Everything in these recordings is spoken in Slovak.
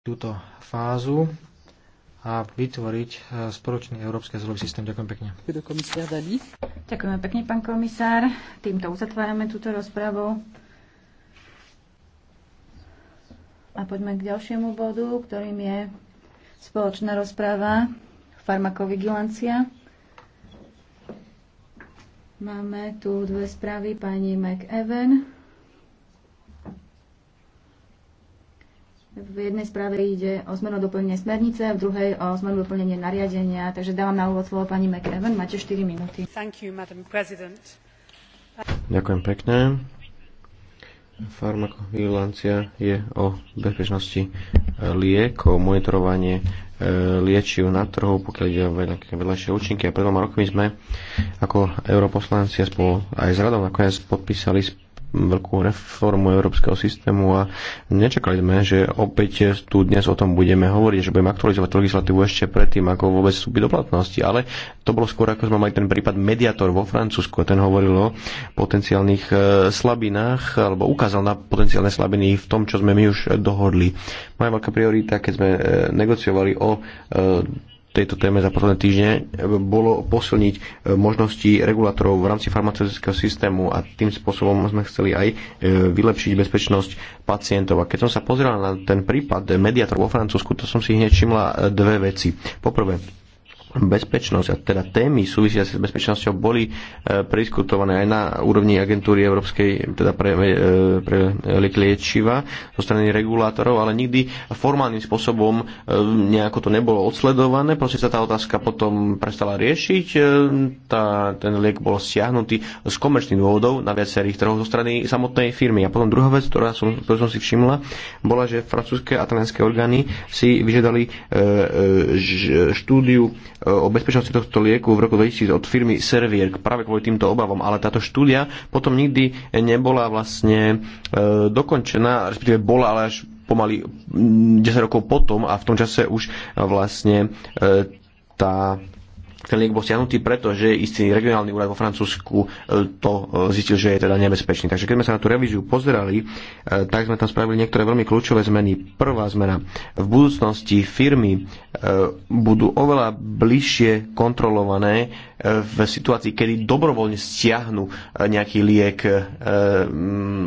túto fázu a vytvoriť e, spoločný európsky azylový systém. Ďakujem pekne. Ďakujeme pekne, pán komisár. Týmto uzatvárame túto rozpravu. A poďme k ďalšiemu bodu, ktorým je spoločná rozpráva farmakovigilancia. Máme tu dve správy pani McEwen. V jednej správe ide o zmenu doplnenie smernice, v druhej o zmenu doplnenie nariadenia. Takže dávam na úvod slovo pani McEwen. Máte 4 minúty. Ďakujem pekne. Farmakovigilancia je o bezpečnosti eh, liekov, monitorovanie eh, liečiv na trhu, pokiaľ ide o vedľajšie účinky. A pred dvoma rokmi sme ako europoslanci aj s radou nakoniec podpísali veľkú reformu európskeho systému a nečakali sme, že opäť tu dnes o tom budeme hovoriť, že budeme aktualizovať legislatívu ešte predtým, ako vôbec sú do platnosti. Ale to bolo skôr, ako sme mali ten prípad Mediator vo Francúzsku. Ten hovoril o potenciálnych e, slabinách, alebo ukázal na potenciálne slabiny v tom, čo sme my už dohodli. Moja veľká priorita, keď sme e, negociovali o e, tejto téme za posledné týždne e, bolo posilniť e, možnosti regulátorov v rámci farmaceutického systému a tým spôsobom sme chceli aj e, vylepšiť bezpečnosť pacientov. A keď som sa pozeral na ten prípad mediátor vo Francúzsku, to som si hneď všimla dve veci. Poprvé, bezpečnosť a teda témy súvisiace s bezpečnosťou boli e, prediskutované aj na úrovni agentúry Európskej teda pre, e, pre liečiva zo strany regulátorov, ale nikdy formálnym spôsobom e, nejako to nebolo odsledované. Proste sa tá otázka potom prestala riešiť. E, tá, ten liek bol stiahnutý z komerčných dôvodov na viacerých trhoch zo strany samotnej firmy. A potom druhá vec, ktorá som, ktorú som si všimla, bola, že francúzske a talianské orgány si vyžiadali e, e, štúdiu o bezpečnosti tohto lieku v roku 2000 od firmy Servier práve kvôli týmto obavom, ale táto štúdia potom nikdy nebola vlastne e, dokončená, respektíve bola, ale až pomaly 10 rokov potom a v tom čase už vlastne e, tá ten liek bol stiahnutý, pretože istý regionálny úrad vo Francúzsku e, to e, zistil, že je teda nebezpečný. Takže keď sme sa na tú revíziu pozerali, e, tak sme tam spravili niektoré veľmi kľúčové zmeny. Prvá zmena. V budúcnosti firmy budú oveľa bližšie kontrolované v situácii, kedy dobrovoľne stiahnu e, nejaký liek e,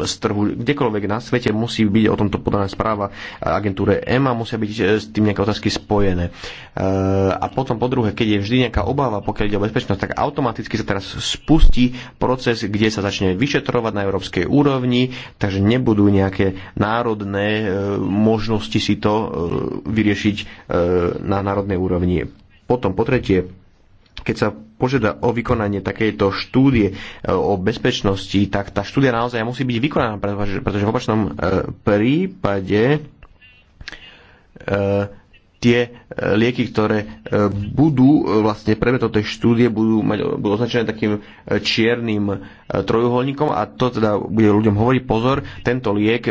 z trhu. Kdekoľvek na svete musí byť o tomto podaná správa agentúre EMA, musia byť e, s tým nejaké otázky spojené. A potom po druhé, keď je vždy nejaká obava, pokiaľ ide o bezpečnosť, tak automaticky sa teraz spustí proces, kde sa začne vyšetrovať na európskej úrovni, takže nebudú nejaké národné možnosti si to vyriešiť na národnej úrovni. Potom po tretie, keď sa požiada o vykonanie takejto štúdie e, o bezpečnosti, tak tá štúdia naozaj musí byť vykonaná, pretože, pretože v opačnom e, prípade e, tie e, lieky, ktoré e, budú e, vlastne predmetom tej štúdie, budú, mať, budú označené takým čiernym trojuholníkom a to teda bude ľuďom hovoriť pozor, tento liek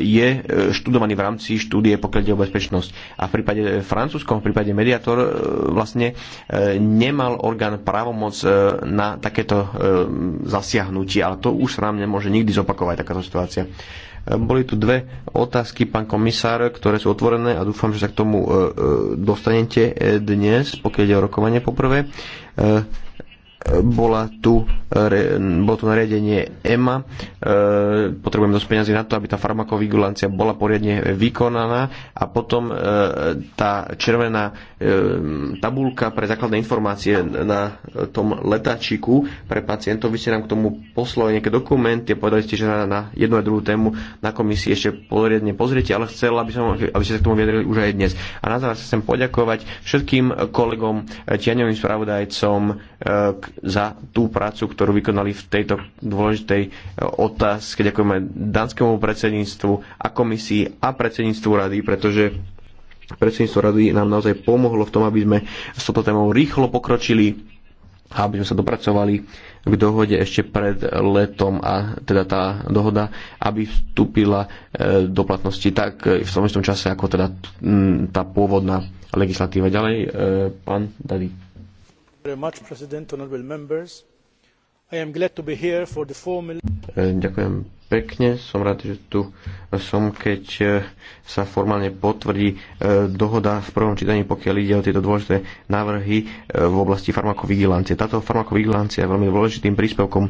je študovaný v rámci štúdie pokiaľ ide o bezpečnosť. A v prípade francúzskom, v prípade mediátor vlastne nemal orgán právomoc na takéto zasiahnutie, ale to už sa nám nemôže nikdy zopakovať takáto situácia. Boli tu dve otázky, pán komisár, ktoré sú otvorené a dúfam, že sa k tomu e, e, dostanete e, dnes, pokiaľ ide o rokovanie poprvé bola tu, bolo tu nariadenie EMA, e, potrebujeme dosť peniazy na to, aby tá farmakovigilancia bola poriadne vykonaná a potom e, tá červená e, tabulka pre základné informácie na tom letáčiku pre pacientov, vy ste nám k tomu poslali nejaké dokumenty a povedali ste, že na jednu a druhú tému na komisii ešte poriadne pozriete, ale chcela aby, som, aby ste sa k tomu vyjadrili už aj dnes. A na záver chcem poďakovať všetkým kolegom, tieňovým spravodajcom, za tú prácu, ktorú vykonali v tejto dôležitej e, otázke. Ďakujeme danskému predsedníctvu a komisii a predsedníctvu rady, pretože predsedníctvo rady nám naozaj pomohlo v tom, aby sme s touto témou rýchlo pokročili a aby sme sa dopracovali k dohode ešte pred letom a teda tá dohoda, aby vstúpila e, do platnosti tak e, v tom istom čase ako teda tá pôvodná legislatíva. Ďalej, pán Dadi. Ďakujem, pekne. Som rád, že tu som, keď e, sa formálne potvrdí e, dohoda v prvom čítaní, pokiaľ ide o tieto dôležité návrhy e, v oblasti farmakovigilancie. Táto farmakovigilancia je veľmi dôležitým príspevkom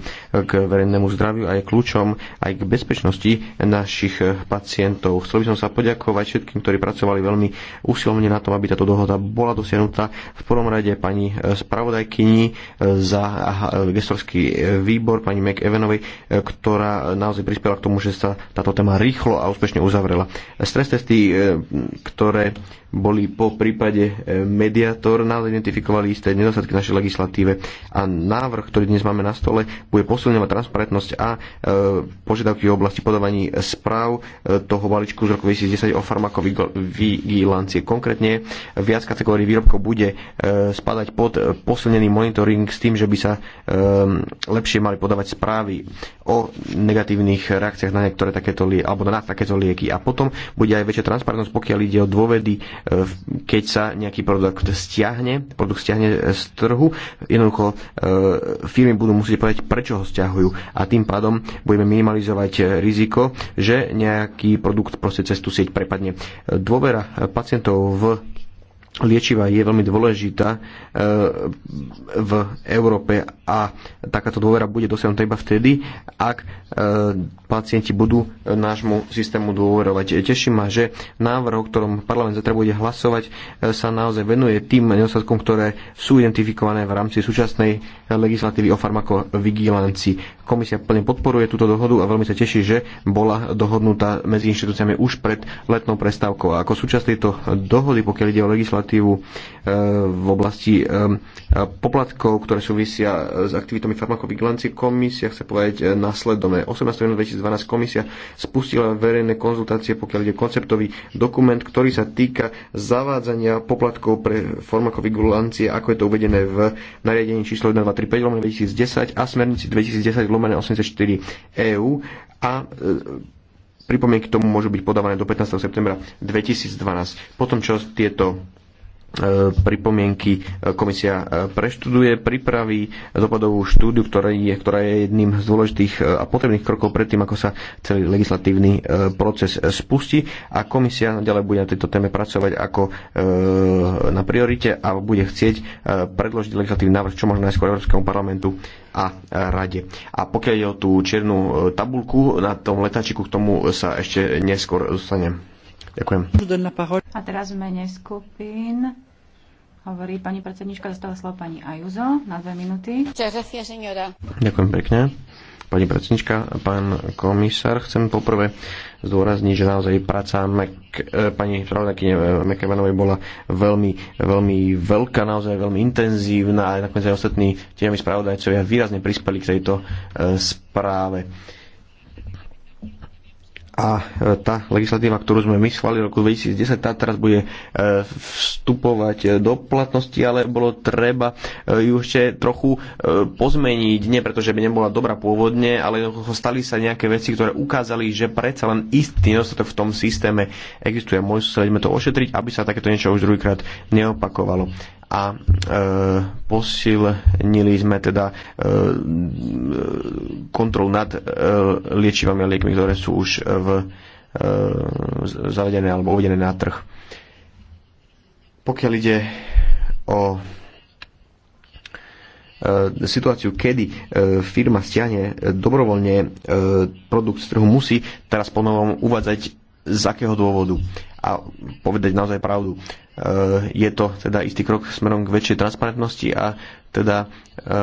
k verejnému zdraviu a je kľúčom aj k bezpečnosti našich pacientov. Chcel by som sa poďakovať všetkým, ktorí pracovali veľmi úsilovne na tom, aby táto dohoda bola dosiahnutá. V prvom rade pani spravodajkyni za gestorský výbor, pani McEvenovej, ktorá naozaj prispela k tomu, že sa táto téma rýchlo a úspešne uzavrela. Stres testy, e, ktoré boli po prípade e, mediátor mediátorna, identifikovali isté nedostatky našej legislatíve a návrh, ktorý dnes máme na stole, bude posilňovať transparentnosť a e, požiadavky v oblasti podávaní správ e, toho balíčku z roku 2010 o farmakovigilancie. Konkrétne viac kategórií výrobkov bude e, spadať pod posilnený monitoring s tým, že by sa e, lepšie mali podávať správy o negatívnych reakciách na niektoré takéto lieky alebo na takéto lieky. A potom bude aj väčšia transparentnosť, pokiaľ ide o dôvedy e, keď sa nejaký produkt akože stiahne, produkt stiahne z trhu, jednoducho e, firmy budú musieť povedať, prečo ho stiahujú a tým pádom budeme minimalizovať e, riziko, že nejaký produkt proste cez tú sieť prepadne. E, dôvera pacientov v liečiva je veľmi dôležitá e, v Európe a takáto dôvera bude dosiahnutá iba vtedy, ak e, pacienti budú nášmu systému dôverovať. Teším ma, že návrh, o ktorom parlament zatiaľ bude hlasovať, e, sa naozaj venuje tým nedostatkom, ktoré sú identifikované v rámci súčasnej legislatívy o farmakovigilancii. Komisia plne podporuje túto dohodu a veľmi sa teší, že bola dohodnutá medzi inštitúciami už pred letnou prestávkou. A ako súčasť tejto dohody, pokiaľ ide o legislatívu e, v oblasti e, poplatkov, ktoré súvisia s aktivitami farmakovigilancie, komisia chce povedať následovné. 18. 2012 komisia spustila verejné konzultácie, pokiaľ ide konceptový dokument, ktorý sa týka zavádzania poplatkov pre farmakovigilancie, ako je to uvedené v nariadení číslo 1235 2010 a smernici 2010 lomené 84 EU a e, pripomienky tomu môžu byť podávané do 15. septembra 2012. Potom, čo tieto e, pripomienky e, komisia preštuduje, pripraví dopadovú štúdiu, ktorá je, ktorá je jedným z dôležitých a potrebných krokov predtým, ako sa celý legislatívny proces spustí a komisia ďalej bude na tejto téme pracovať ako na priorite a bude chcieť predložiť legislatívny návrh čo možno najskôr Európskemu parlamentu a rade. A pokiaľ je o tú čiernu e, tabulku na tom letačiku, k tomu sa ešte neskôr dostanem. Ďakujem. A teraz v mene skupín hovorí pani predsednička, dostala slovo pani Ajuzo na dve minúty. Ďakujem pekne. Pani predsednička, pán komisár, chcem poprvé zdôrazniť, že naozaj práca Mek, eh, pani spravodajkyne eh, Mekevanovej bola veľmi, veľmi veľká, naozaj veľmi intenzívna a nakoniec aj ostatní tiemi spravodajcovia výrazne prispeli k tejto eh, správe a e, tá legislatíva, ktorú sme my schválili v roku 2010, tá teraz bude e, vstupovať e, do platnosti, ale bolo treba ju ešte trochu pozmeniť, nie preto, že by nebola dobrá pôvodne, ale stali sa nejaké veci, ktoré ukázali, že predsa len istý nedostatok v tom systéme existuje. Môžeme to ošetriť, aby sa takéto niečo už druhýkrát neopakovalo a e, posilnili sme teda e, kontrolu nad e, liečivami a liekmi, ktoré sú už v, e, zavedené alebo uvedené na trh. Pokiaľ ide o e, situáciu, kedy e, firma stiahne dobrovoľne e, produkt z trhu, musí teraz ponovom uvádzať z akého dôvodu a povedať naozaj pravdu. E, je to teda istý krok smerom k väčšej transparentnosti a teda e,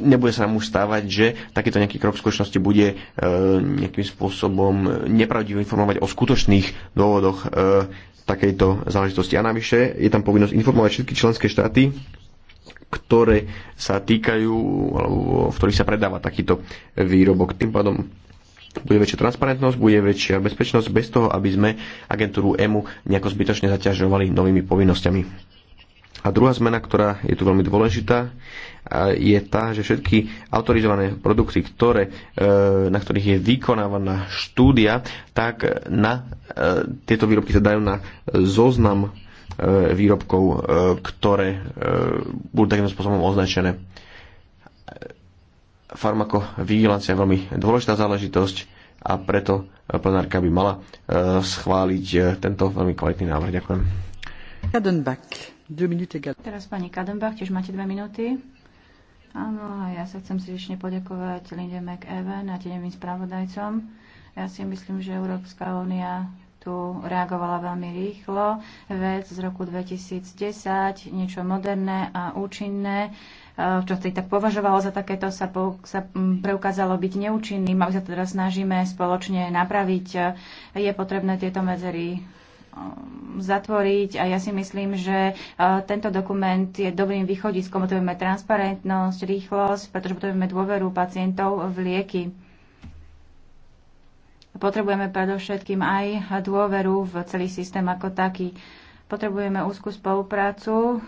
nebude sa nám už stávať, že takýto nejaký krok v skutočnosti bude e, nejakým spôsobom nepravdivo informovať o skutočných dôvodoch takejto záležitosti. A navyše je tam povinnosť informovať všetky členské štáty, ktoré sa týkajú, alebo v ktorých sa predáva takýto výrobok. Tým pádom bude väčšia transparentnosť, bude väčšia bezpečnosť bez toho, aby sme agentúru EMU nejako zbytočne zaťažovali novými povinnosťami. A druhá zmena, ktorá je tu veľmi dôležitá, je tá, že všetky autorizované produkty, ktoré, e, na ktorých je vykonávaná štúdia, tak na e, tieto výrobky sa dajú na zoznam e, výrobkov, ktoré budú takým spôsobom označené farmakovigilancia je veľmi dôležitá záležitosť a preto plenárka by mala e, schváliť e, tento veľmi kvalitný návrh. Ďakujem. Kadenbach, dve minúty. Teraz pani Kadenbach, tiež máte dve minúty. Áno, a ja sa chcem srdečne poďakovať Linde McEwen a tenevým spravodajcom. Ja si myslím, že Európska únia tu reagovala veľmi rýchlo. Vec z roku 2010, niečo moderné a účinné, e, čo sa tak považovalo za takéto, sa, po, sa preukázalo byť neúčinným a my sa teraz snažíme spoločne napraviť. Je potrebné tieto medzery e, zatvoriť a ja si myslím, že e, tento dokument je dobrým východiskom. Potrebujeme transparentnosť, rýchlosť, pretože potrebujeme dôveru pacientov v lieky potrebujeme predovšetkým aj dôveru v celý systém ako taký. Potrebujeme úzkú spoluprácu,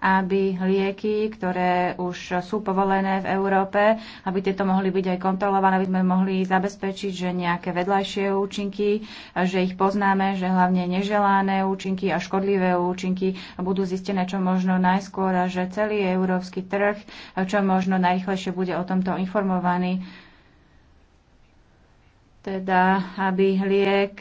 aby lieky, ktoré už sú povolené v Európe, aby tieto mohli byť aj kontrolované, aby sme mohli zabezpečiť, že nejaké vedľajšie účinky, že ich poznáme, že hlavne neželané účinky a škodlivé účinky budú zistené čo možno najskôr a že celý európsky trh čo možno najrychlejšie bude o tomto informovaný teda aby liek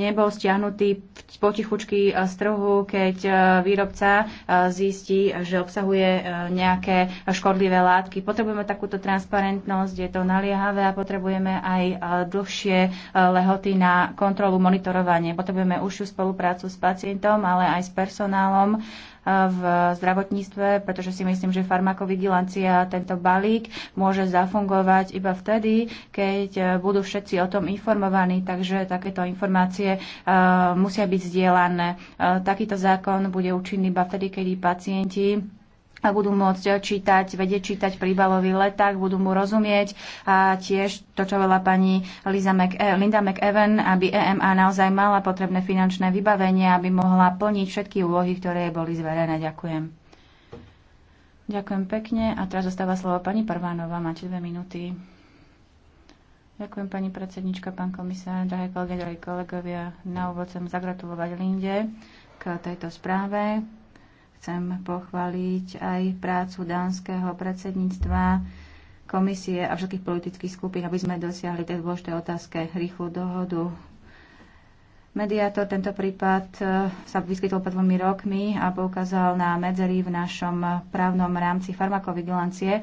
nebol stiahnutý potichučky z trhu, keď e, výrobca e, zistí, že obsahuje e, nejaké škodlivé látky. Potrebujeme takúto transparentnosť, je to naliehavé a potrebujeme aj dlhšie lehoty na kontrolu, monitorovanie. Potrebujeme užšiu spoluprácu s pacientom, ale aj s personálom v zdravotníctve, pretože si myslím, že farmakovigilancia tento balík môže zafungovať iba vtedy, keď e, budú všetci o tom informovaní, takže takéto informácie e, musia byť zdieľané. E, takýto zákon bude účinný iba vtedy, kedy pacienti a budú môcť čítať, vedieť čítať príbalový leták, budú mu rozumieť a tiež to, čo veľa pani Lisa Mc, eh, Linda McEwen, aby EMA naozaj mala potrebné finančné vybavenie, aby mohla plniť všetky úlohy, ktoré jej boli zverené. Ďakujem. Ďakujem pekne a teraz zostáva slovo pani Parvánova. Máte dve minúty. Ďakujem pani predsednička, pán komisár, drahé kolegy, drahí kolegovia. Na úvod chcem zagratulovať Linde k tejto správe. Chcem pochváliť aj prácu dánskeho predsedníctva komisie a všetkých politických skupín, aby sme dosiahli tej dôležitej otázke rýchlu dohodu. Mediátor tento prípad e, sa vyskytol pred dvomi rokmi a poukázal na medzery v našom právnom rámci farmakovigilancie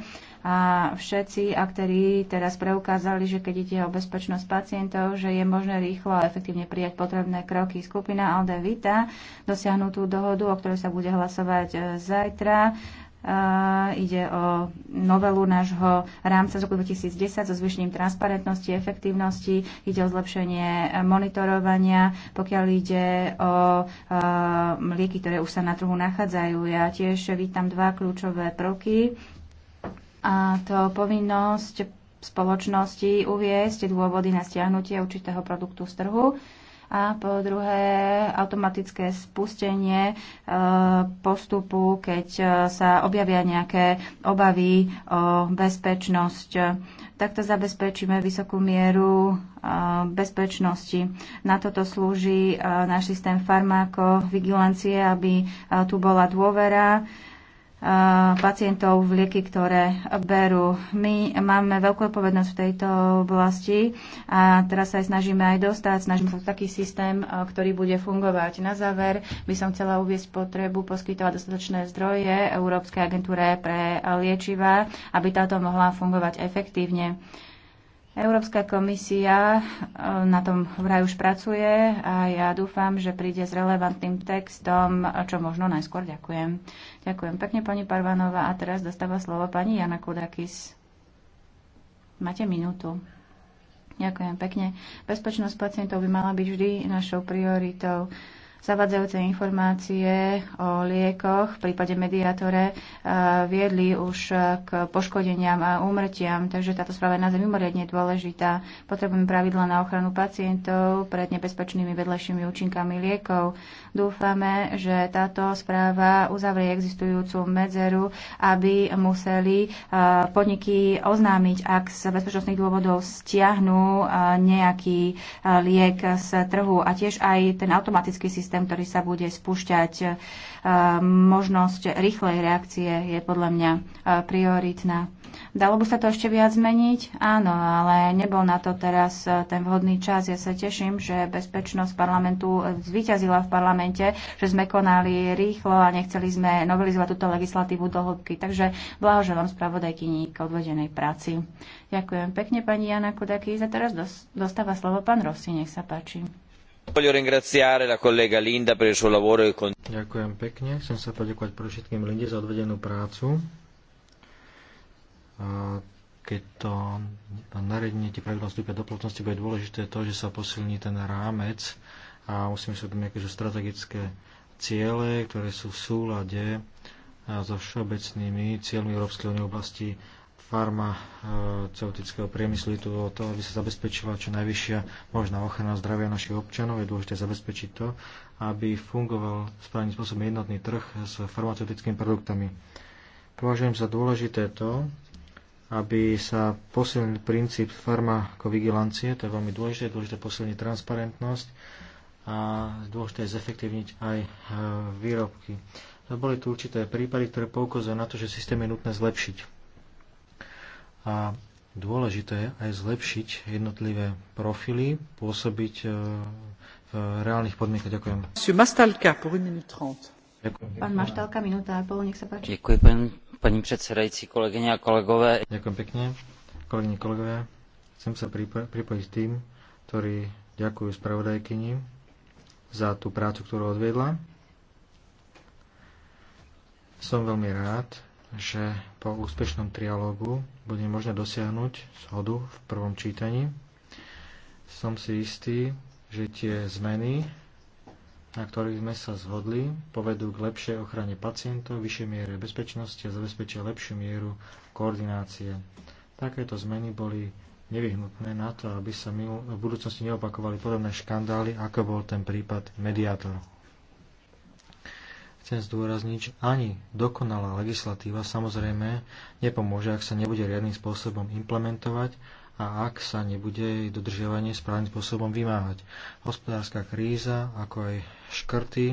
a všetci aktéri teraz preukázali, že keď ide o bezpečnosť pacientov, že je možné rýchlo a efektívne prijať potrebné kroky. Skupina Alde Vita dosiahnutú dohodu, o ktorej sa bude hlasovať e, zajtra, Uh, ide o novelu nášho rámca z roku 2010 so zvyšením transparentnosti, efektívnosti, ide o zlepšenie monitorovania, pokiaľ ide o uh, e, lieky, ktoré už sa na trhu nachádzajú. Ja tiež vítam dva kľúčové prvky a to povinnosť spoločnosti uviesť dôvody na stiahnutie určitého produktu z trhu a po druhé automatické spustenie e, postupu, keď e, sa objavia nejaké obavy o bezpečnosť. Takto zabezpečíme vysokú mieru e, bezpečnosti. Na toto slúži náš systém farmáko, vigilancie, aby tu bola dôvera pacientov v lieky, ktoré berú. My máme veľkú odpovednosť v tejto oblasti a teraz sa aj snažíme aj dostať, snažíme sa taký systém, ktorý bude fungovať. Na záver by som chcela uvieť potrebu poskytovať dostatočné zdroje Európskej agentúre pre liečiva, aby táto mohla fungovať efektívne. Európska komisia eh, na tom vraj už pracuje a ja dúfam, že príde s relevantným textom, eh, čo možno najskôr ďakujem. Ďakujem pekne, pani Parvanová. A teraz dostáva slovo pani Jana Kudakis. Máte minútu. Ďakujem pekne. Bezpečnosť pacientov by mala byť vždy našou prioritou. Zavadzajúce informácie o liekoch v prípade mediátore eh, viedli už eh, k poškodeniam a úmrtiam, takže táto správa je naozaj mimoriadne dôležitá. Potrebujeme pravidla na ochranu pacientov pred nebezpečnými vedľajšími účinkami liekov. Dúfame, že táto správa uzavrie existujúcu medzeru, aby museli eh, podniky oznámiť, ak z bezpečnostných dôvodov stiahnu nejaký liek z trhu a tiež aj ten automatický systém systém, ktorý sa bude spúšťať. E, možnosť rýchlej reakcie je podľa mňa e, prioritná. Dalo by sa to ešte viac zmeniť? Áno, ale nebol na to teraz e, ten vhodný čas. Ja sa teším, že bezpečnosť parlamentu zvíťazila v parlamente, že sme konali rýchlo a nechceli sme novelizovať túto legislatívu do hĺbky. Takže blahoželám spravodajkyni k odvedenej práci. Ďakujem pekne pani Jana Kudaky. Za teraz dostáva slovo pán Rossi, nech sa páči. E Ďakujem pekne. Chcem sa poďakovať pre všetkým Linde za odvedenú prácu. A keď to nariadenie tie pravidlá vstúpia do platnosti, bude dôležité to, že sa posilní ten rámec a musíme sa uvedomiť, aké sú strategické ciele, ktoré sú v súlade so všeobecnými cieľmi Európskej únie v oblasti farmaceutického e, priemyslu. Je tu o to, aby sa zabezpečila čo najvyššia možná ochrana zdravia našich občanov. Je dôležité zabezpečiť to, aby fungoval správnym spôsobom jednotný trh s farmaceutickými produktami. Považujem za dôležité to, aby sa posilnil princíp farmakovigilancie, to je veľmi dôležité, dôležité posilniť transparentnosť a dôležité je zefektívniť aj e, výrobky. Boli tu určité prípady, ktoré poukazujú na to, že systém je nutné zlepšiť a dôležité aj zlepšiť jednotlivé profily, pôsobiť e, v reálnych podmienkach. Ďakujem. Pán Maštalka, minúta a pol, nech sa páči. Ďakujem, pani, pani predsedajúci, kolegyne a kolegové. Ďakujem pekne, kolegyne, kolegové. Chcem sa pripo- pripojiť tým, ktorí ďakujú spravodajkyni za tú prácu, ktorú odviedla. Som veľmi rád, že po úspešnom trialógu bude možné dosiahnuť shodu v prvom čítaní. Som si istý, že tie zmeny, na ktorých sme sa zhodli, povedú k lepšej ochrane pacientov, vyššej miere bezpečnosti a zabezpečia lepšiu mieru koordinácie. Takéto zmeny boli nevyhnutné na to, aby sa v budúcnosti neopakovali podobné škandály, ako bol ten prípad mediátor. Chcem zdôrazniť, že ani dokonalá legislatíva samozrejme nepomôže, ak sa nebude riadnym spôsobom implementovať a ak sa nebude jej dodržiavanie správnym spôsobom vymáhať. Hospodárska kríza, ako aj škrty,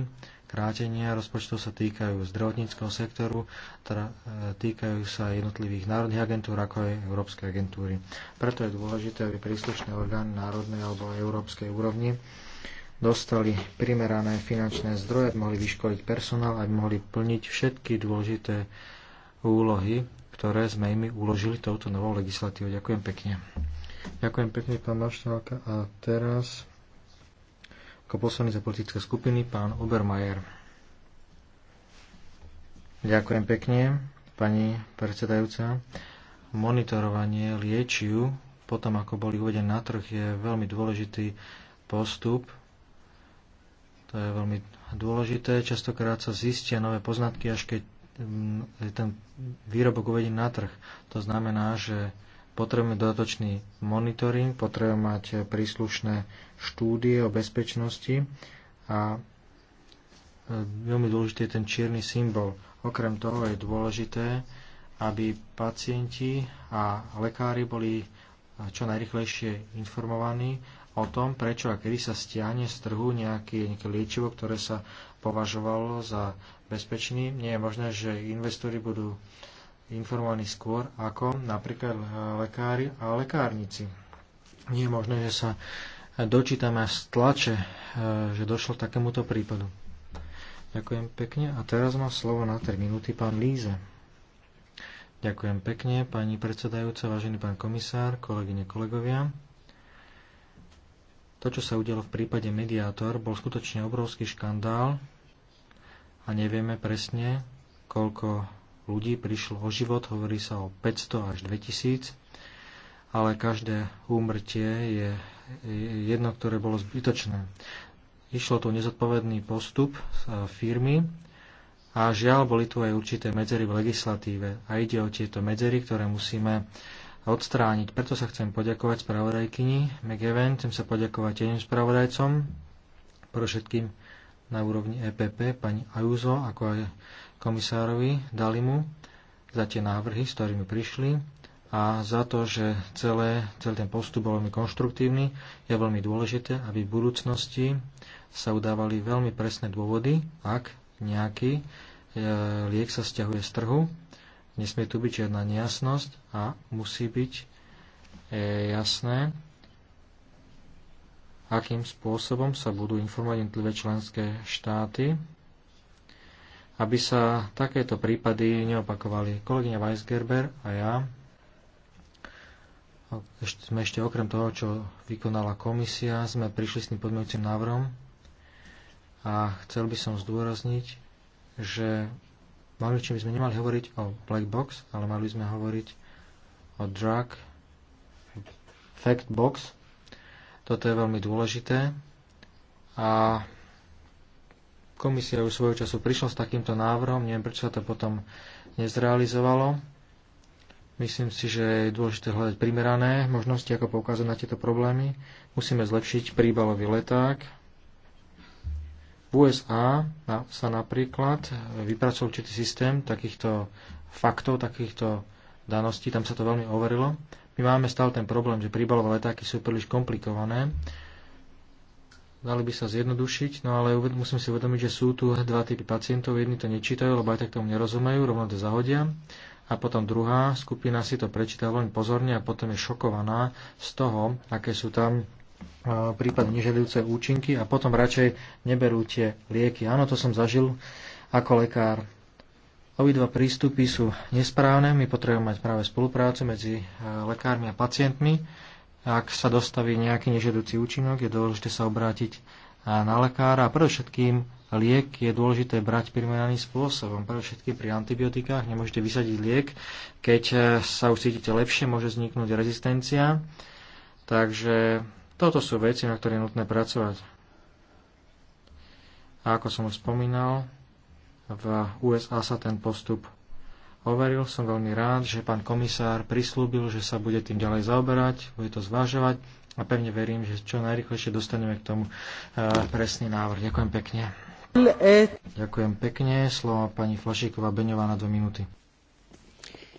krátenia rozpočtov sa týkajú zdravotníckého sektoru, teda e, týkajú sa jednotlivých národných agentúr, ako aj Európskej agentúry. Preto je dôležité, aby príslušné orgány národnej alebo európskej úrovni dostali primerané finančné zdroje, aby mohli vyškoliť personál, aby mohli plniť všetky dôležité úlohy, ktoré sme im uložili touto novou legislatívou. Ďakujem pekne. Ďakujem pekne, pán Maštálka. A teraz ako poslaný za politické skupiny, pán Obermajer. Ďakujem pekne, pani predsedajúca. Monitorovanie liečiu, potom ako boli uvedené na trh, je veľmi dôležitý postup to je veľmi dôležité. Častokrát sa zistia nové poznatky, až keď je mm, ten výrobok uvedí na trh. To znamená, že potrebujeme dodatočný monitoring, potrebujeme mať príslušné štúdie o bezpečnosti a e, veľmi dôležitý je ten čierny symbol. Okrem toho je dôležité, aby pacienti a lekári boli e, čo najrychlejšie informovaní o tom, prečo a kedy sa stiahne z trhu nejaké, nejaké liečivo, ktoré sa považovalo za bezpečný. Nie je možné, že investori budú informovaní skôr ako napríklad eh, lekári a lekárnici. Nie je možné, že sa dočítame z tlače, eh, že došlo k takémuto prípadu. Ďakujem pekne a teraz má slovo na 3 minúty pán Líze. Ďakujem pekne, pani predsedajúca, vážený pán komisár, kolegyne, kolegovia. To, čo sa udialo v prípade Mediátor, bol skutočne obrovský škandál a nevieme presne, koľko ľudí prišlo o život, hovorí sa o 500 až 2000, ale každé úmrtie je jedno, ktoré bolo zbytočné. Išlo tu nezodpovedný postup e, firmy a žiaľ, boli tu aj určité medzery v legislatíve a ide o tieto medzery, ktoré musíme odstrániť. Preto sa chcem poďakovať spravodajkyni McEwen, chcem sa poďakovať jedným spravodajcom, pro všetkým na úrovni EPP, pani Ajuzo, ako aj komisárovi Dalimu, za tie návrhy, s ktorými prišli a za to, že celé, celý ten postup bol veľmi konštruktívny, je veľmi dôležité, aby v budúcnosti sa udávali veľmi presné dôvody, ak nejaký e, liek sa stiahuje z trhu nesmie tu byť žiadna nejasnosť a musí byť e, jasné, akým spôsobom sa budú informovať jednotlivé členské štáty, aby sa takéto prípady neopakovali. Kolegyňa Weisgerber a ja ešte, sme ešte okrem toho, čo vykonala komisia, sme prišli s tým podmienujúcim návrhom a chcel by som zdôrazniť, že Mali, angličtine by sme nemali hovoriť o black box, ale mali by sme hovoriť o drug fact box. Toto je veľmi dôležité. A komisia už svojho času prišla s takýmto návrhom, neviem prečo sa to potom nezrealizovalo. Myslím si, že je dôležité hľadať primerané možnosti, ako poukázať na tieto problémy. Musíme zlepšiť príbalový leták, USA sa napríklad e, vypracoval určitý systém takýchto faktov, takýchto daností, tam sa to veľmi overilo. My máme stále ten problém, že príbalové letáky sú príliš komplikované, dali by sa zjednodušiť, no ale musím si uvedomiť, že sú tu dva typy pacientov, jedni to nečítajú, lebo aj tak tomu nerozumejú, rovno to zahodia, a potom druhá skupina si to prečíta veľmi pozorne a potom je šokovaná z toho, aké sú tam prípadne neželujúce účinky a potom radšej neberú tie lieky. Áno, to som zažil ako lekár. Obidva prístupy sú nesprávne, my potrebujeme mať práve spoluprácu medzi e, lekármi a pacientmi. Ak sa dostaví nejaký nežiaducí účinok, je dôležité sa obrátiť e, na lekára a predovšetkým liek je dôležité brať primeraným spôsobom. Predovšetkým pri antibiotikách nemôžete vysadiť liek, keď e, sa už cítite lepšie, môže vzniknúť rezistencia. Takže toto sú veci, na ktoré je nutné pracovať. A ako som už spomínal, v USA sa ten postup overil. Som veľmi rád, že pán komisár prislúbil, že sa bude tým ďalej zaoberať, bude to zvážovať a pevne verím, že čo najrychlejšie dostaneme k tomu e, presný návrh. Ďakujem pekne. E Ďakujem pekne. Slovo pani Flašíková Beňová na dve minúty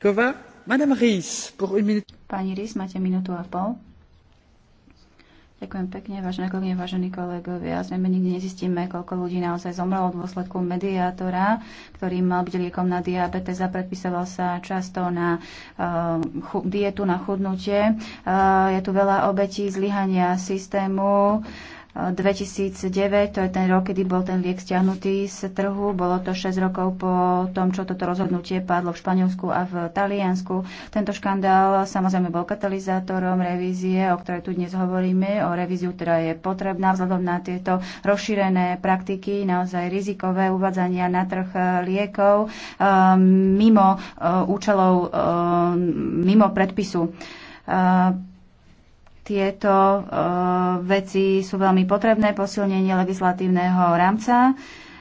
Pani Rís, máte minútu a pol. Ďakujem pekne, vážené kolegyne, vážení kolegovia. Zrejme nikdy nezistíme, koľko ľudí naozaj zomrelo v dôsledku mediátora, ktorý mal byť liekom na diabetes a predpisoval sa často na uh, dietu, na chudnutie. Uh, je tu veľa obetí zlyhania systému. Uh, 2009, to je ten rok, kedy bol ten liek stiahnutý z trhu. Bolo to 6 rokov po tom, čo toto rozhodnutie padlo v Španielsku a v Taliansku. Tento škandál samozrejme bol katalizátorom revízie, o ktorej tu dnes hovoríme, o revíziu, ktorá je potrebná vzhľadom na tieto rozšírené praktiky, naozaj rizikové uvádzania na trh liekov um, mimo uh, účelov, um, mimo predpisu uh, tieto e, veci sú veľmi potrebné, posilnenie legislatívneho rámca.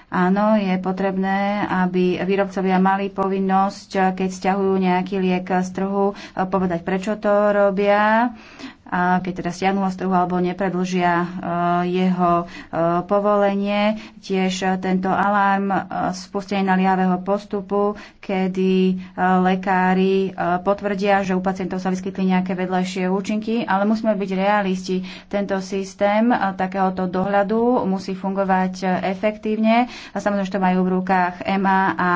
Áno, je potrebné, aby výrobcovia mali povinnosť, eh, keď stiahujú nejaký liek z trhu, eh, povedať, prečo to robia a keď teda stiahnu ostruhu alebo nepredlžia e, jeho e, povolenie. Tiež e, tento alarm spustenie naliavého postupu, kedy lekári potvrdia, že u pacientov sa vyskytli nejaké vedľajšie účinky, ale musíme byť realisti. Tento systém takéhoto dohľadu musí fungovať efektívne a samozrejme, že to majú v rukách EMA a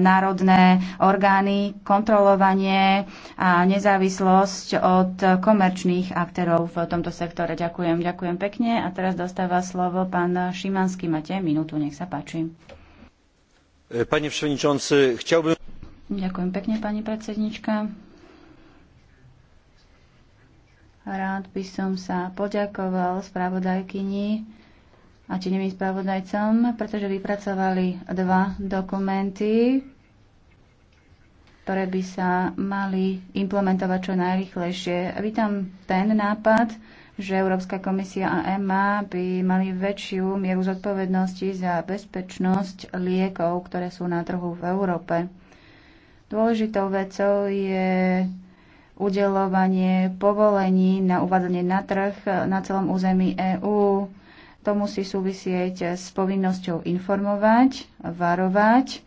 národné orgány, kontrolovanie a nezávislosť od komerčných hlavných aktérov v tomto sektore. Ďakujem, ďakujem pekne. A teraz dostáva slovo pán Šimanský. Máte minútu, nech sa páči. Panie chcel by... Ďakujem pekne, pani predsednička. Rád by som sa poďakoval spravodajkyni a činným spravodajcom, pretože vypracovali dva dokumenty, ktoré by sa mali implementovať čo najrychlejšie. Vítam ten nápad, že Európska komisia a EMA by mali väčšiu mieru zodpovednosti za bezpečnosť liekov, ktoré sú na trhu v Európe. Dôležitou vecou je udelovanie povolení na uvádzanie na trh na celom území EÚ. To musí súvisieť s povinnosťou informovať, varovať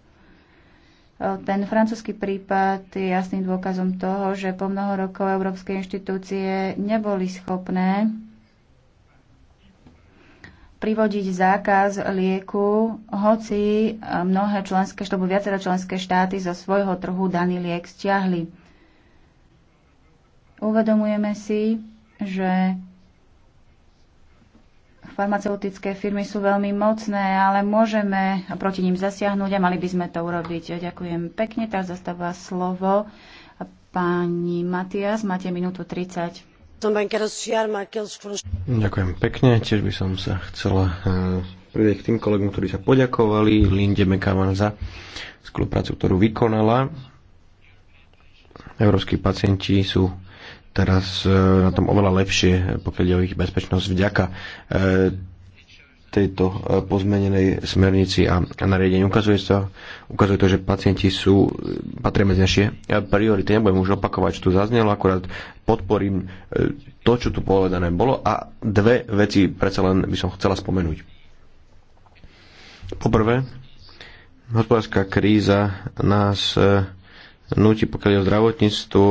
ten francúzsky prípad je jasným dôkazom toho, že po mnoho rokov európske inštitúcie neboli schopné privodiť zákaz lieku, hoci mnohé členské, alebo viacero členské štáty zo svojho trhu daný liek stiahli. Uvedomujeme si, že Farmaceutické firmy sú veľmi mocné, ale môžeme proti ním zasiahnuť a mali by sme to urobiť. Ďakujem pekne. Teraz zastáva slovo pani Matias. Máte minútu 30. Ďakujem pekne. Tiež by som sa chcela eh, pridať k tým kolegom, ktorí sa poďakovali Linde Mekavan za spoluprácu, ktorú vykonala. Európsky pacienti sú teraz e, na tom oveľa lepšie, e, pokiaľ je o ich bezpečnosť, vďaka e, tejto pozmenenej smernici a nariadení. Ukazuje, sa, ukazuje to, že pacienti sú, patria medzi naše priority. Nebudem už opakovať, čo tu zaznelo, akurát podporím to, čo tu povedané bolo a dve veci predsa len by som chcela spomenúť. Poprvé, hospodárska kríza nás nutí, pokiaľ je o zdravotníctvo,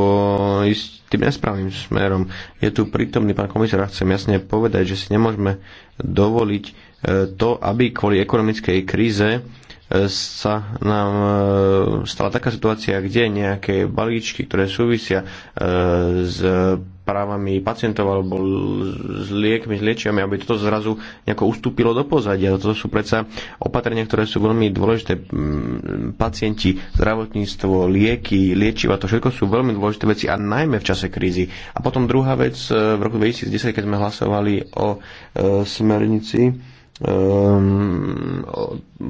ísť tým nesprávnym smerom. Je tu prítomný pán komisár a chcem jasne povedať, že si nemôžeme dovoliť e, to, aby kvôli ekonomickej kríze sa nám e, stala taká situácia, kde nejaké balíčky, ktoré súvisia e, s právami pacientov alebo s liekmi, s liečiami, aby toto zrazu nejako ustúpilo do pozadia. Toto sú predsa opatrenia, ktoré sú veľmi dôležité. Pacienti, zdravotníctvo, lieky, liečiva, to všetko sú veľmi dôležité veci a najmä v čase krízy. A potom druhá vec, e, v roku 2010, keď sme hlasovali o smernici, um,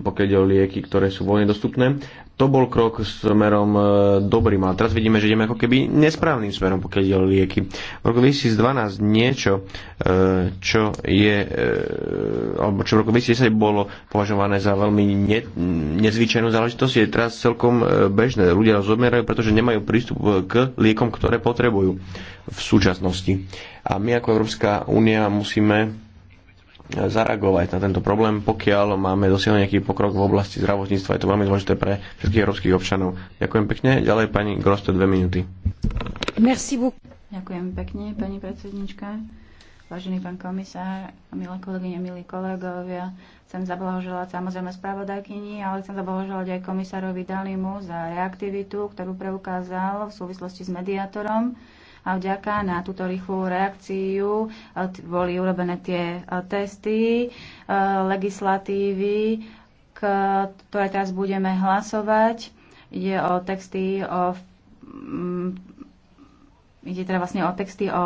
pokiaľ ide o lieky, ktoré sú voľne dostupné. To bol krok smerom uh, dobrým, ale teraz vidíme, že ideme ako keby nesprávnym smerom, pokiaľ ide o lieky. V roku 2012 niečo, uh, čo je, uh, alebo čo v roku 2010 bolo považované za veľmi ne, nezvyčajnú záležitosť, je teraz celkom bežné. Ľudia rozumierajú, pretože nemajú prístup k liekom, ktoré potrebujú v súčasnosti. A my ako Európska únia musíme zareagovať na tento problém, pokiaľ máme dosiahnuť nejaký pokrok v oblasti zdravotníctva. Je to veľmi dôležité pre všetkých európskych občanov. Ďakujem pekne. Ďalej pani Groste, dve minúty. Merci beaucoup. Ďakujem pekne, pani predsednička. Vážený pán komisár, milé kolegyne, milí kolegovia, chcem zablahoželať samozrejme spravodajkyni, ale chcem zablahoželať aj komisárovi Dalimu za reaktivitu, ktorú preukázal v súvislosti s mediátorom a vďaka na túto rýchlu reakciu eh, boli urobené tie eh, testy eh, legislatívy, ktoré teraz budeme hlasovať. Ide o texty o mm, Ide teda vlastne o texty o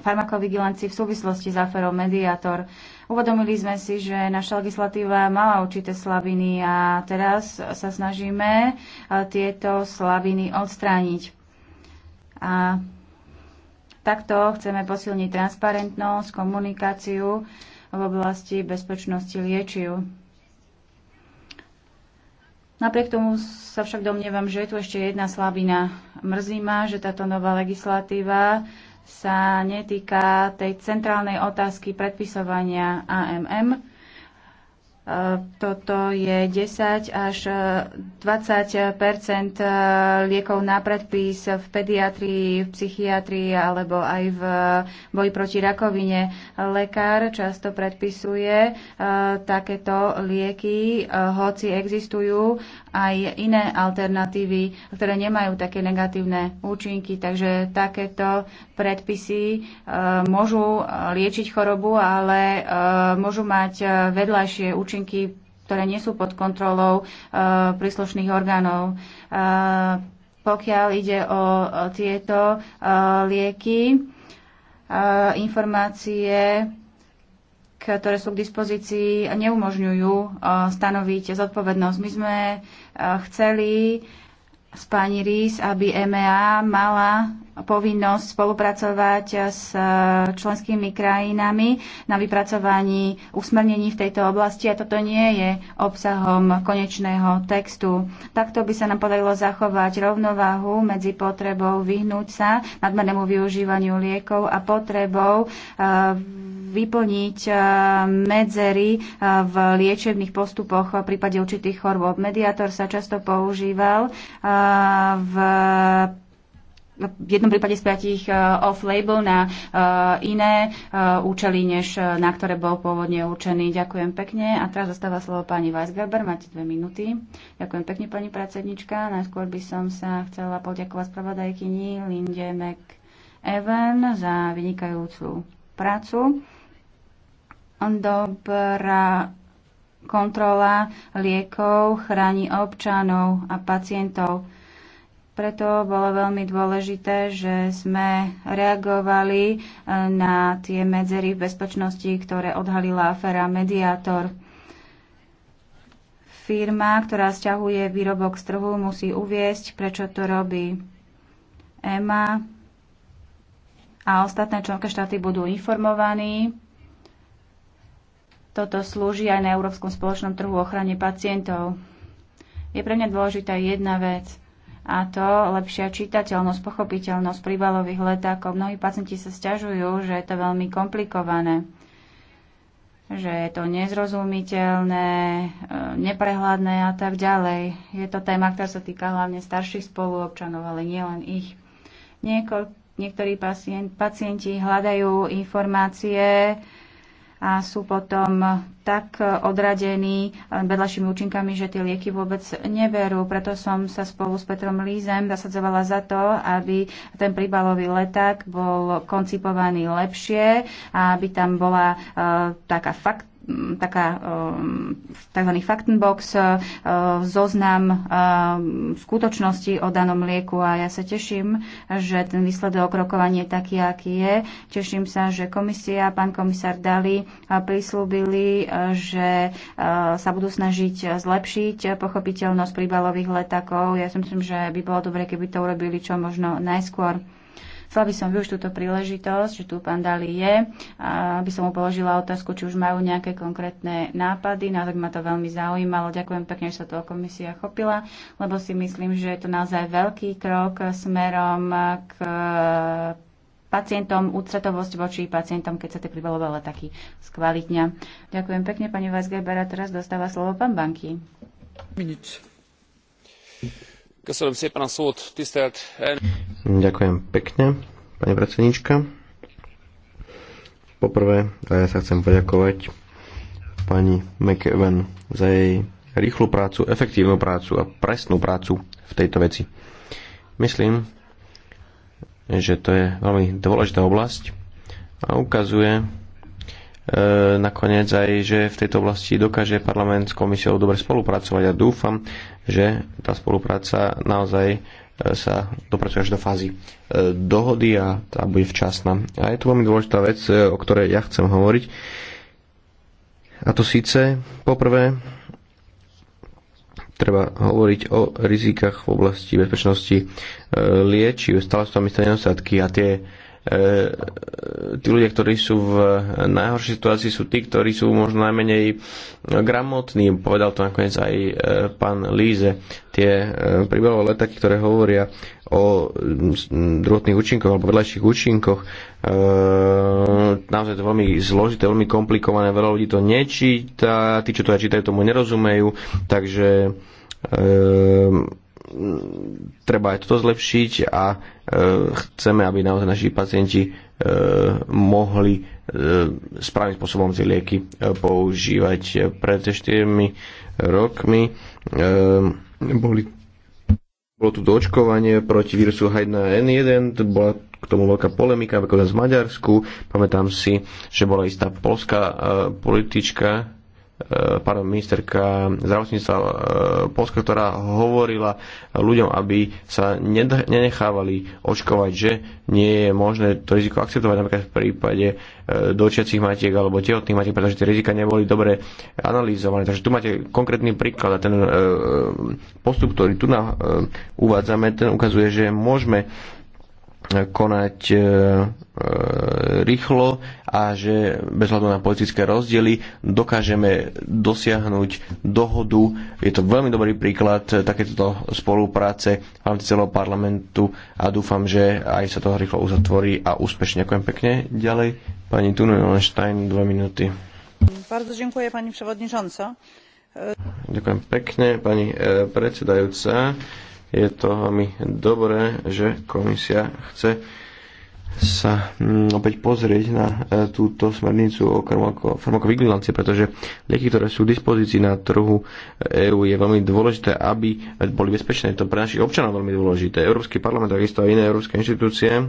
farmakovigilancii v súvislosti s aferou Mediator. Uvedomili sme si, že naša legislatíva mala určité slabiny a teraz sa snažíme tieto slabiny odstrániť a takto chceme posilniť transparentnosť, komunikáciu v oblasti bezpečnosti liečiv. Napriek tomu sa však domnievam, že je tu ešte jedna slabina. Mrzí ma, že táto nová legislatíva sa netýka tej centrálnej otázky predpisovania AMM, toto je 10 až 20 e, e, e, liekov na predpis v pediatrii, v psychiatrii alebo aj v boji proti rakovine. Lekár často predpisuje takéto lieky, hoci existujú aj iné alternatívy, ktoré nemajú také negatívne účinky. Takže takéto predpisy e, môžu e, liečiť chorobu, ale e, môžu mať vedľajšie účinky, ktoré nie sú pod kontrolou príslušných orgánov. Pokiaľ ide o tieto lieky, informácie ktoré sú k dispozícii, neumožňujú e, stanoviť zodpovednosť. My sme e, chceli s pani Rís, aby EMEA mala povinnosť spolupracovať s e, členskými krajinami na vypracovaní usmernení v tejto oblasti a toto nie je obsahom konečného textu. Takto by sa nám podarilo zachovať rovnováhu medzi potrebou vyhnúť sa nadmernému využívaniu liekov a potrebou vyplniť eh, medzery eh, v liečebných postupoch v prípade určitých chorôb. Mediátor sa často používal eh, v v jednom prípade z piatich off-label na iné účely, než na ktoré bol pôvodne určený. Ďakujem pekne. A teraz zostáva slovo pani Weisgerber. Máte dve minúty. Ďakujem pekne, pani predsednička. Najskôr by som sa chcela poďakovať spravodajkyni Linde McEwen za vynikajúcu prácu. Dobrá kontrola liekov chráni občanov a pacientov. Preto bolo veľmi dôležité, že sme reagovali eh, na tie medzery v bezpečnosti, ktoré odhalila aféra Mediátor. Firma, ktorá stiahuje výrobok z trhu, musí uviesť, prečo to robí. EMA a ostatné členské štáty budú informovaní toto slúži aj na Európskom spoločnom trhu ochrane pacientov. Je pre mňa dôležitá jedna vec a to lepšia čitateľnosť, pochopiteľnosť príbalových letákov. Mnohí pacienti sa stiažujú, že je to veľmi komplikované, že je to nezrozumiteľné, e, neprehľadné a tak ďalej. Je to téma, ktorá sa týka hlavne starších spoluobčanov, ale nielen ich. Niekoľko niektorí pacient, pacienti hľadajú informácie a sú potom tak odradení vedľašími účinkami, že tie lieky vôbec neberú. Preto som sa spolu s Petrom Lízem zasadzovala za to, aby ten príbalový leták bol koncipovaný lepšie a aby tam bola uh, taká fakt taká e, tzv. faktenbox, e, zoznam skutočnosti o danom lieku a ja sa teším, že ten výsledok rokovania je taký, aký je. Teším sa, že komisia, pán komisár Dali prislúbili, že e, sa budú snažiť zlepšiť pochopiteľnosť príbalových letakov. Ja si myslím, že by bolo dobre, keby to urobili čo možno najskôr. Chcela by som využiť túto príležitosť, že tu pán Dali je, aby som mu položila otázku, či už majú nejaké konkrétne nápady. Naozaj ma to veľmi zaujímalo. Ďakujem pekne, že sa toho komisia chopila, lebo si myslím, že je to naozaj veľký krok smerom k pacientom, ústretovosť voči pacientom, keď sa to pribalovala taký skvalitňa. Ďakujem pekne, pani Weisgebera. Teraz dostáva slovo pán Banky. Minút. Ďakujem pekne, pani predsednička. Poprvé, ja sa chcem poďakovať pani McEwen za jej rýchlu prácu, efektívnu prácu a presnú prácu v tejto veci. Myslím, že to je veľmi dôležitá oblasť a ukazuje e, nakoniec aj, že v tejto oblasti dokáže parlament s komisiou dobre spolupracovať a dúfam, že tá spolupráca naozaj e, sa dopracuje až do fázy e, dohody a tá bude včasná. A je tu veľmi dôležitá vec, e, o ktorej ja chcem hovoriť. A to síce, poprvé, treba hovoriť o rizikách v oblasti bezpečnosti e, liečiv. Stále sú tam isté nedostatky a tie E, tí ľudia, ktorí sú v najhoršej situácii, sú tí, ktorí sú možno najmenej gramotní. Povedal to nakoniec aj e, pán Líze. Tie e, príbehové letaky, ktoré hovoria o druhotných účinkoch alebo vedľajších účinkoch, naozaj to veľmi zložité, veľmi komplikované, veľa ľudí to nečíta, tí, čo to aj čítajú, tomu nerozumejú, takže treba aj toto zlepšiť a e, chceme, aby naozaj naši pacienti e, mohli e, správnym spôsobom tie lieky e, používať. Pred 4 rokmi e, boli, bolo tu dočkovanie proti vírusu H1N1, e bola k tomu veľká polemika, ako v Maďarsku. Pamätám si, že bola istá polská e, politička, Eh, pardon, ministerka zdravotníctva eh, Polska, ktorá hovorila ľuďom, aby sa nenechávali očkovať, že nie je možné to riziko akceptovať napríklad v prípade eh, dočiacich matiek alebo tehotných matiek, pretože tie rizika neboli dobre analýzované. Takže tu máte konkrétny príklad a ten postup, ktorý tu uvádzame, ten ukazuje, že môžeme konať e, e, rýchlo a že bez hľadu na politické rozdiely dokážeme dosiahnuť dohodu. Je to veľmi dobrý príklad takéto spolupráce v rámci celého parlamentu a dúfam, že aj sa to rýchlo uzatvorí a úspešne. Ďakujem pekne. Ďalej pani Tunenstein, dve minúty. Bardzo dziękuję pani przewodnicząca. Ďakujem pekne, pani e, predsedajúca. Je to veľmi dobré, že komisia chce sa mm, opäť pozrieť na e, túto smernicu o farmakovigilancii, pretože lieky, ktoré sú v dispozícii na trhu EÚ, e je veľmi dôležité, aby boli bezpečné. Je to pre našich občanov veľmi dôležité. Európsky parlament, takisto aj iné európske inštitúcie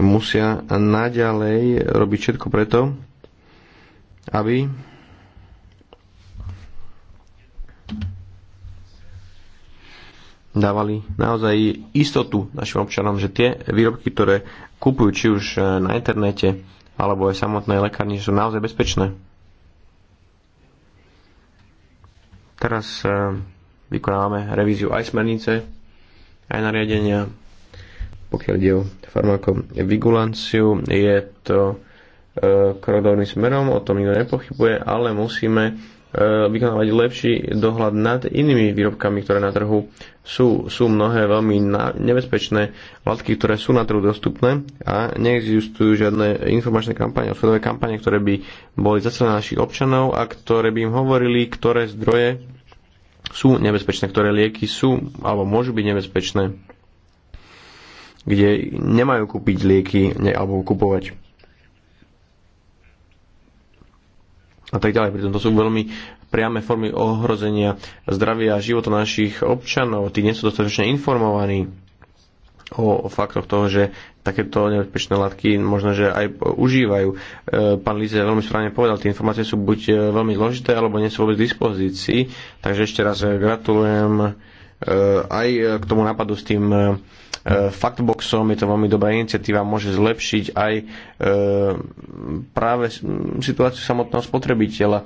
musia naďalej robiť všetko preto, aby dávali naozaj istotu našim občanom, že tie výrobky, ktoré kupujú či už e, na internete alebo aj samotné lekárni, sú naozaj bezpečné. Teraz e, vykonávame revíziu aj smernice, aj nariadenia, pokiaľ ide o farmakovigulanciu. Je to e, krok dobrým smerom, o tom nikto nepochybuje, ale musíme E, vykonávať lepší dohľad nad inými výrobkami, ktoré na trhu sú. Sú mnohé veľmi nebezpečné látky, ktoré sú na trhu dostupné a neexistujú žiadne informačné kampane, osvedové kampane, ktoré by boli zacelené našich občanov a ktoré by im hovorili, ktoré zdroje sú nebezpečné, ktoré lieky sú alebo môžu byť nebezpečné, kde nemajú kúpiť lieky alebo kupovať a tak ďalej. Pritom to sú veľmi priame formy ohrozenia zdravia a života našich občanov. Tí nie sú dostatočne informovaní o faktoch toho, že takéto nebezpečné látky možno, že aj užívajú. E, pán Lize veľmi správne povedal, tie informácie sú buď e, veľmi zložité, alebo nie sú vôbec dispozícii. Takže ešte raz gratulujem e, aj k tomu nápadu s tým E, Factboxom. Je to veľmi dobrá iniciatíva, môže zlepšiť aj e, práve situáciu samotného spotrebiteľa, e,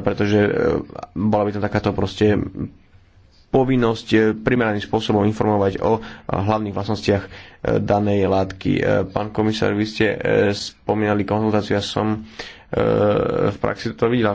pretože bola by tam takáto proste povinnosť primeraným spôsobom informovať o hlavných vlastnostiach danej látky. Pán komisár, vy ste spomínali konzultáciu, ja som v praxi to videla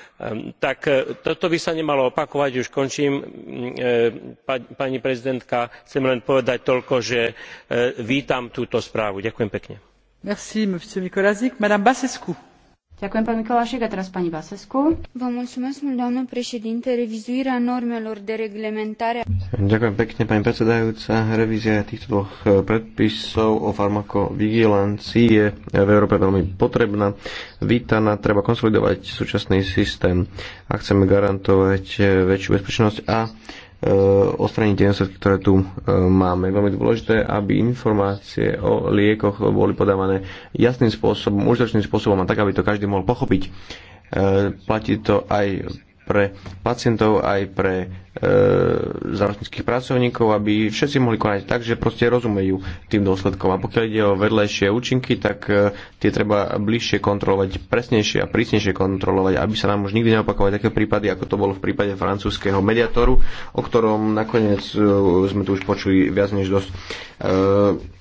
Ehm, tak e, toto by sa nemalo opakovať už končím mm, e, pani prezidentka chcem len povedať toľko že e, vítam túto správu. ďakujem pekne. Ďakujem, pán Mikolášek. A teraz pani Basescu. Vă mulțumesc mult, doamnă președinte. Revizuirea normelor de reglementare... Ďakujem pekne, pani predsedajúca. Revízia týchto dvoch e, predpisov o farmakovigilancii je v Európe veľmi potrebná. Vítaná, treba konsolidovať súčasný systém a chceme garantovať e, väčšiu bezpečnosť a E, odstraniť tie nedostatky, ktoré tu e, máme. Veľmi dôležité, aby informácie o liekoch boli podávané jasným spôsobom, užitočným spôsobom a tak, aby to každý mohol pochopiť. E, platí to aj pre pacientov, aj pre e, zdravotníckých pracovníkov, aby všetci mohli konať tak, že proste rozumejú tým dôsledkom. A pokiaľ ide o vedlejšie účinky, tak e, tie treba bližšie kontrolovať, presnejšie a prísnejšie kontrolovať, aby sa nám už nikdy neopakovali také prípady, ako to bolo v prípade francúzského mediatoru, o ktorom nakoniec e, sme tu už počuli viac než dosť. E,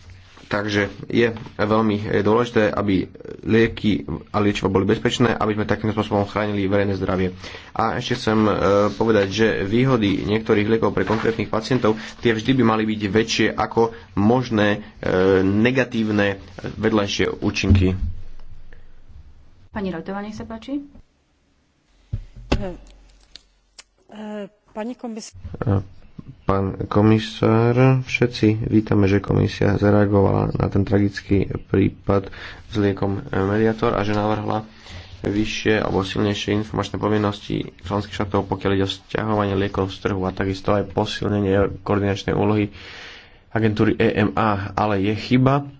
Takže je veľmi e, dôležité, aby lieky a liečba boli bezpečné, aby sme takýmto spôsobom chránili verejné zdravie. A ešte chcem e, povedať, že výhody niektorých liekov pre konkrétnych pacientov tie vždy by mali byť väčšie ako možné e, negatívne vedľajšie účinky. Pani Rojtová, nech sa páči. Pani komisár Pán komisár, všetci vítame, že komisia zareagovala na ten tragický prípad s liekom Mediator a že navrhla vyššie alebo silnejšie informačné povinnosti členských štátov, pokiaľ ide o stiahovanie liekov z trhu a takisto aj posilnenie koordinačnej úlohy agentúry EMA. Ale je chyba,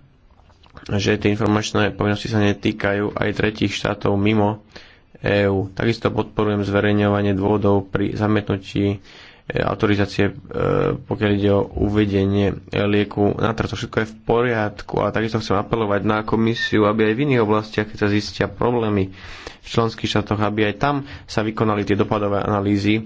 že tie informačné povinnosti sa netýkajú aj tretich štátov mimo EÚ. Takisto podporujem zverejňovanie dôvodov pri zamietnutí E, autorizácie, e, pokiaľ ide o uvedenie lieku na trh. To všetko je v poriadku a takisto chcem apelovať na komisiu, aby aj v iných oblastiach, keď sa zistia problémy v členských štátoch, aby aj tam sa vykonali tie dopadové analýzy e,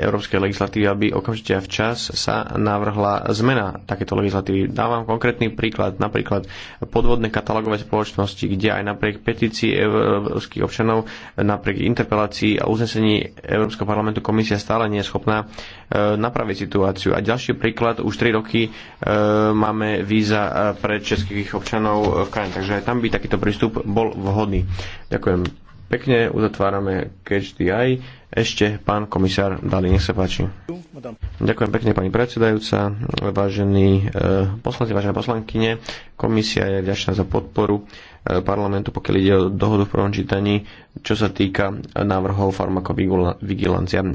európskej legislatívy, aby okamžite a včas sa navrhla zmena takéto legislatívy. Dávam konkrétny príklad, napríklad podvodné katalogové spoločnosti, kde aj napriek petícii európskych občanov, napriek interpelácii a uznesení Európskeho parlamentu komisia stále nie je schopná E, napraviť situáciu. A ďalší príklad, už 3 roky e, máme víza e, pre českých občanov v krajine, takže aj tam by takýto prístup bol vhodný. Ďakujem pekne, uzatvárame Catch the Eye. Ešte pán komisár Dali, nech sa páči. Ďakujem pekne, pani predsedajúca, vážení poslanci, vážené poslankyne. Komisia je vďačná za podporu parlamentu, pokiaľ ide o dohodu v prvom čítaní, čo sa týka návrhov farmakovigilancia.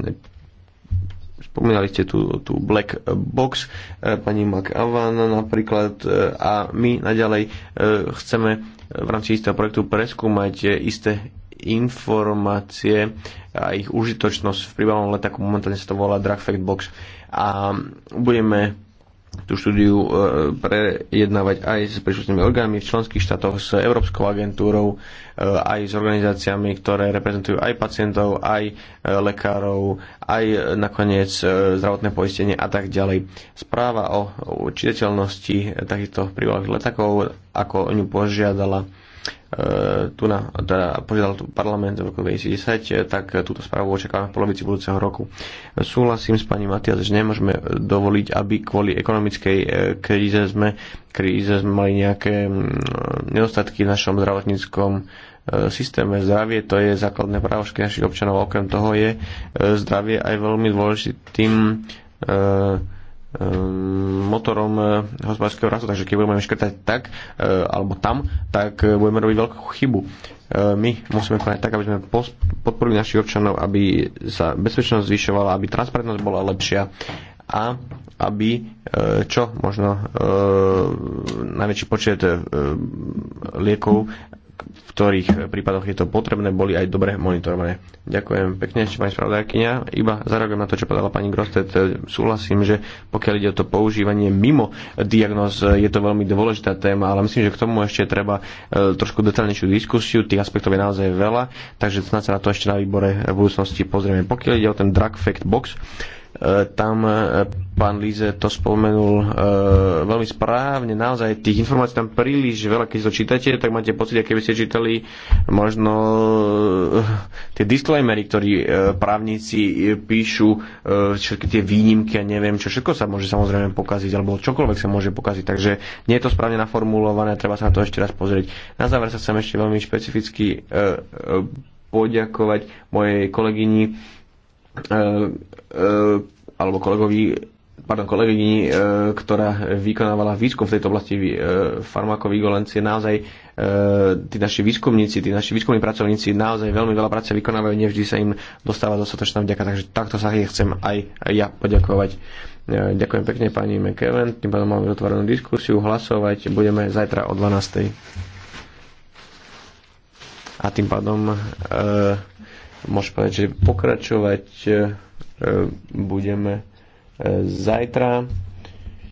Spomínali ste tú, tú black box, e, pani McAvan napríklad e, a my naďalej e, chceme v rámci istého projektu preskúmať isté informácie a ich užitočnosť v príbalnom letaku, momentálne sa to volá Drug Fact Box a budeme tú štúdiu e, prejednávať aj s príslušnými orgánmi v členských štátoch, s Európskou agentúrou, e, aj s organizáciami, ktoré reprezentujú aj pacientov, aj e, lekárov, aj nakoniec zdravotné poistenie a tak ďalej. Správa o čitateľnosti takýchto prívalových letakov, ako o ňu požiadala E, tu na, teda požiadal parlament v roku 2010, e, tak túto správu očakávame v polovici budúceho roku. Súhlasím s pani Matias, že nemôžeme dovoliť, aby kvôli ekonomickej e, kríze sme, kríze sme mali nejaké mm, nedostatky v našom zdravotníckom systéme. Zdravie to je základné právo všetkých našich občanov. Okrem toho je zdravie aj veľmi dôležitým Ehm, motorom e, hospodárskeho rastu, takže keď budeme škrtať tak, e, alebo tam, tak e, budeme robiť veľkú chybu. My musíme konať tak, aby sme podporili našich občanov, aby sa bezpečnosť zvyšovala, aby transparentnosť bola lepšia a aby čo možno najväčší počet liekov v ktorých prípadoch je to potrebné, boli aj dobre monitorované. Ďakujem pekne, ešte pani spravodajkynia. Iba zareagujem na to, čo povedala pani Grostet. E, súhlasím, že pokiaľ ide o to používanie mimo diagnóz, e, je to veľmi dôležitá téma, ale myslím, že k tomu ešte treba e, trošku detaľnejšiu diskusiu. Tých aspektov je naozaj veľa, takže snad sa na to ešte na výbore v budúcnosti pozrieme. Pokiaľ ide o ten drug fact box, E, tam e, pán Líze to spomenul e, veľmi správne, naozaj tých informácií tam príliš veľa, keď to čítate, tak máte pocit, keby ste čítali možno e, tie disclaimery, ktorí e, právnici e, píšu, e, všetky tie výnimky a neviem čo, všetko sa môže samozrejme pokaziť, alebo čokoľvek sa môže pokaziť, takže nie je to správne naformulované, treba sa na to ešte raz pozrieť. Na záver sa chcem ešte veľmi špecificky e, e, poďakovať mojej kolegyni Eh, eh, alebo kolegovi pardon, kolegyni, eh, ktorá vykonávala výskum v tejto oblasti farmakovigilancie, naozaj tí naši výskumníci, tí naši výskumní pracovníci naozaj veľmi veľa práce vykonávajú, nevždy sa im dostáva dostatočná vďaka, takže takto sa chcem aj ja poďakovať. Ďakujem pekne pani McKeven, tým pádom máme otvorenú diskusiu, hlasovať budeme zajtra o 12. A tým pádom e môžem povedať, že pokračovať e, budeme e, zajtra.